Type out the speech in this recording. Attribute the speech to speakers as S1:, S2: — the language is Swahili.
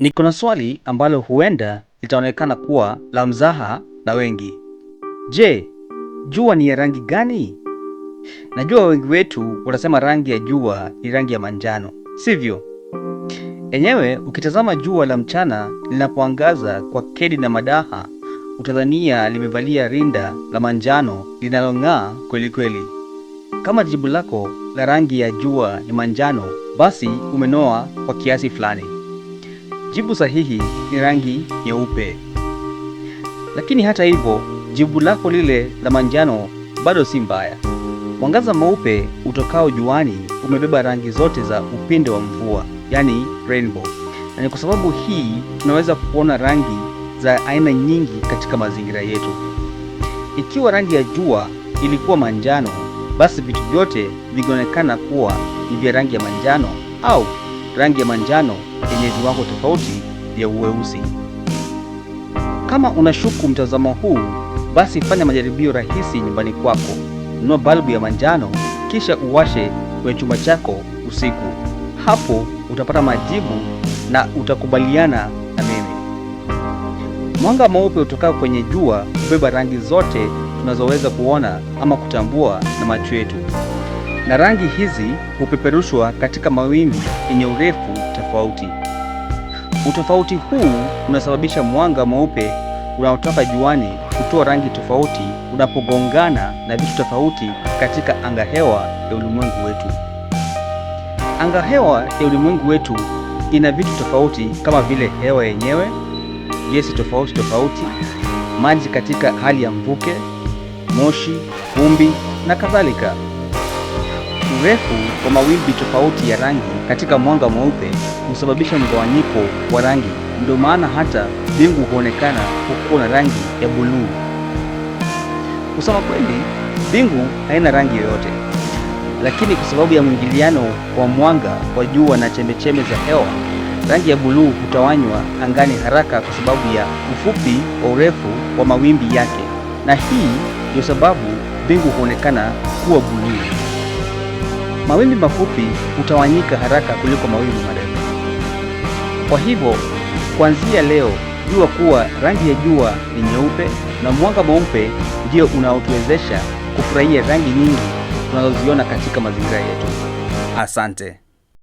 S1: Niko na swali ambalo huenda litaonekana kuwa la mzaha na wengi. Je, jua ni ya rangi gani? Najua wengi wetu wanasema rangi ya jua ni rangi ya manjano, sivyo? Enyewe ukitazama jua la mchana linapoangaza kwa kedi na madaha, utadhania limevalia rinda la manjano linalong'aa kweli kweli. Kama jibu lako la rangi ya jua ni manjano, basi umenoa kwa kiasi fulani. Jibu sahihi ni rangi nyeupe. Lakini hata hivyo, jibu lako lile la manjano bado si mbaya. Mwangaza mweupe utokao juani umebeba rangi zote za upinde wa mvua, yani rainbow. Na ni kwa sababu hii tunaweza kuona rangi za aina nyingi katika mazingira yetu. Ikiwa rangi ya jua ilikuwa manjano, basi vitu vyote vingeonekana kuwa ni vya rangi ya manjano au rangi ya manjano yenye viwango tofauti vya uweusi. Kama unashuku mtazamo huu, basi fanya majaribio rahisi nyumbani kwako. Nunua balbu ya manjano kisha uwashe kwenye chumba chako usiku. Hapo utapata majibu na utakubaliana na mimi. Mwanga mweupe utokao kwenye jua hubeba rangi zote tunazoweza kuona ama kutambua na macho yetu na rangi hizi hupeperushwa katika mawimbi yenye urefu tofauti. Utofauti huu unasababisha mwanga mweupe unaotoka juani kutoa rangi tofauti unapogongana na vitu tofauti katika angahewa ya ulimwengu wetu. Angahewa ya ulimwengu wetu ina vitu tofauti kama vile hewa yenyewe, gesi tofauti tofauti, maji katika hali ya mvuke, moshi, vumbi na kadhalika. Urefu wa mawimbi tofauti ya rangi katika mwanga mweupe husababisha mgawanyiko wa rangi. Ndio maana hata mbingu huonekana kuwa na rangi ya buluu. Kusema kweli, mbingu haina rangi yoyote, lakini kwa sababu ya mwingiliano wa mwanga wa jua na chembechembe za hewa, rangi ya buluu hutawanywa angani haraka kwa sababu ya ufupi wa urefu wa mawimbi yake, na hii ndio sababu mbingu huonekana kuwa buluu. Mawimbi mafupi hutawanyika haraka kuliko mawimbi marefu. Kwa hivyo, kuanzia leo jua kuwa rangi ya jua ni nyeupe na mwanga mweupe ndio unaotuwezesha kufurahia rangi nyingi tunazoziona katika mazingira yetu. Asante.